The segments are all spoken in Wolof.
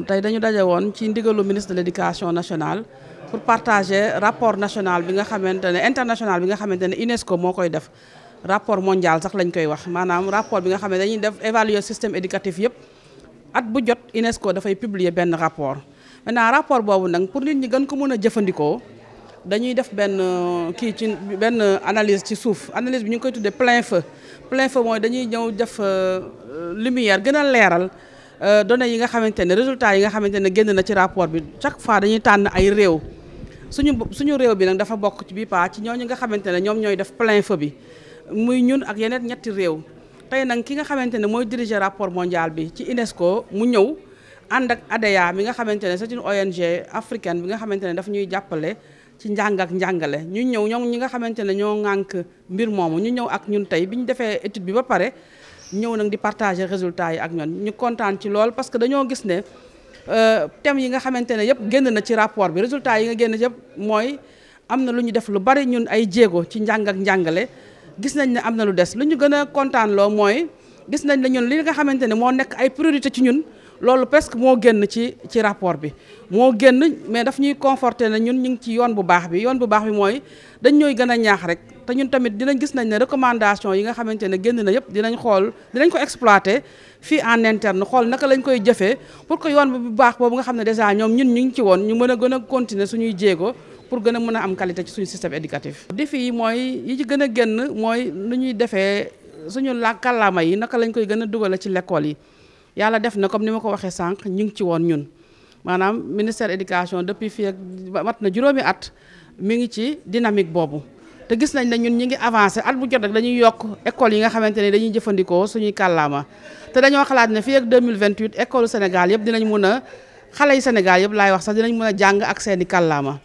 bon dañu ministre de l'Éducation nationale pour partager rapport national international rapport mondial sax rapport système éducatif Et at UNESCO rapport maintenant rapport pour nous, euh, analyse ci plein feu plein feu euh, lumière Euh, données yi nga xamante ne résultats yi nga xamante ne génn na ci rapport bi chaque fois dañuy tànn ay réew suñu suñu réew bi nag dafa bokk ci bii paa ci ñooñu nga xamante ne ñoom def plein feu bi muy ñun ak yeneen ñetti réew tey nag ki nga xamante ne mooy diriger rapport mondial bi ci UNESCO mu ñëw ànd ak ADEA e mi nga xamante ne ONG africaine bi nga xamante ne daf ñuy jàppale ci njàng njàngale ñu ñëw ñoom ñi nga xamante ne ñoo ŋànk mbir moomu ñu ñëw ak ñun tey bi ñu defee étude bi ba pare ñëw nag di partager résultat yi ak ñoon ñu kontaan ci lool parce que dañoo gis ne euh, thèmes yi nga xamante ne yëpp génn na ci rapport bi résultats yi nga génn yëpp mooy am na lu ñu def lu bari ñun ay jéego ci njàng ak njàngale gis nañ ne am na lu des lu ñu gën a kontaan loo mooy gis nañ ne ñun li nga xamante ne moo nekk ay priorité ci ñun loolu que moo génn ci ci rapport bi moo génn mais daf ñuy conforté ne ñun ñu ngi ci yoon bu baax bi yoon bu baax bi mooy dañ ñooy gën a ñaax rek te ñun tamit dinañ gis nañ ne recommandation yi nga xamante ne génn na yëpp dinañ xool dinañ ko exploité fii en interne xool naka lañ koy jëfee pour que yoon bu baax boobu nga xam ne dèjà ñoom ñun ñu ngi ci woon ñu mën a gën a continuer suñuy jéego pour gën a mën a am qualité ci suñu système éducatif. défi fii mooy yi ci gën a génn mooy nu ñuy defee suñu la yi naka lañ koy gën a dugale ci lekkool yi yàlla def na comme ni ma ko waxee sànq ñu ngi ci woon ñun maanaam ministère éducation depuis fii ak mat na juróomi at mi ngi ci dynamique boobu. te gis nañ ne ñun ñu ngi avancé at bu jot rek dañuy yokk école yi nga xamante ne dañuy jëfandikoo suñuy kàllaama te dañoo xalaat ne fii ak 2028 école Sénégal yëpp dinañ mun a xale yi Sénégal laay wax sax dinañ mën a jàng ak seeni kàllaama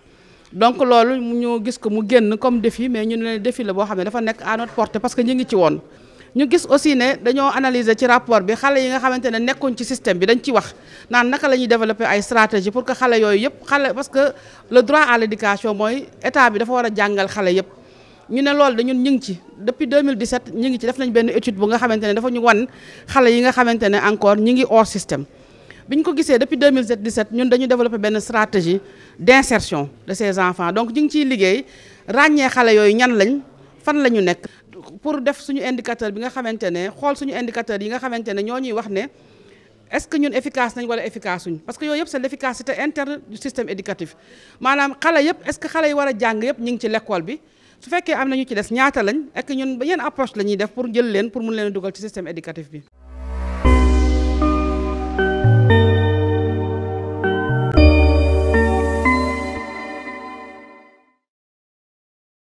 donc loolu ñu gis ko mu génn comme défi mais ñu ne défi la xam ne dafa nekk à notre portée parce que ñu ngi ci aussi ne dañoo analyser ci rapport bi xale yi nga xamante ne nekkuñ ci système bi dañ ci wax naan la ñuy développer ay stratégie pour que xale yooyu yëpp xale parce que le droit à l'éducation mooy état bi dafa war a jàngal xale yëpp ñu ne loolu dañun ñu ci depuis 2017 ñu ngi ci def nañ benn étude bu nga xamantene dafa ñu wan xalé yi nga xamantene encore ñu ngi hors système biñ ko gisee depuis 2017 ñun dañu développer benn stratégie d'insertion de ces enfants donc ñu ngi ciy liggéey ràññee xalé yoy ñan lañ fan lañu nek pour def suñu indicateur bi nga xamantene xol suñu indicateur yi nga xamantene ne ñoo ñuy wax né est-ce que ñun efficace nañ wala efficace suñ parce que yoy yep c'est l'efficacité interne du système éducatif manam xalé yep est-ce que xalé yi wara jang yep yëpp ñu ngi ci l'école bi su fekkee am na ñu ci des ñaata lañ ak ñun yan approche la ñuy def pour jël leen pour mun leen dugal ci système éducatif bi